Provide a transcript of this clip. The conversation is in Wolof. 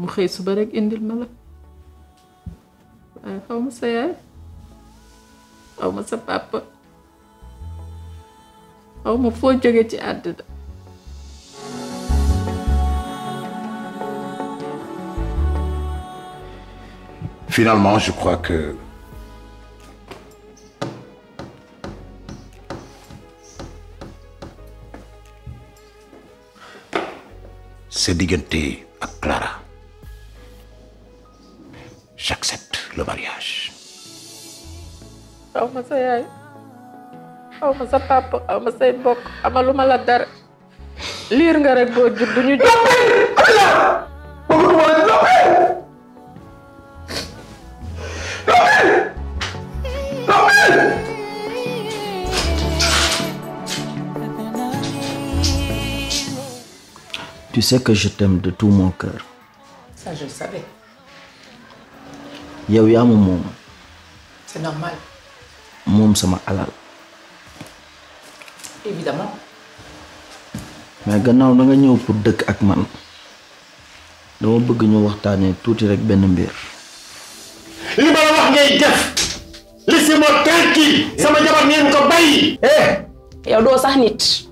mu xëy suba rek indil ma la waaye xaw sa yaay xaw sa papa xaw foo jóge ci àddina finalement je crois diggante ak Clara j'accepte le mariage. xaw ma yaay xaw papa xaw ma say amaluma la dara liir nga rek boo jub du ñu jub. Tu sais que je t'aime de tout mon cœur. yow yaa ma moom. moom sama alal. mais gannaaw da nga ñëw pour dëkk ak man dama bëgg ñu waxtaanee tuuti rek benn mbir. li ma la wax ngay def. li si moo tànki sama jabar ngeen ko bàyyi. eh. doo sax nit.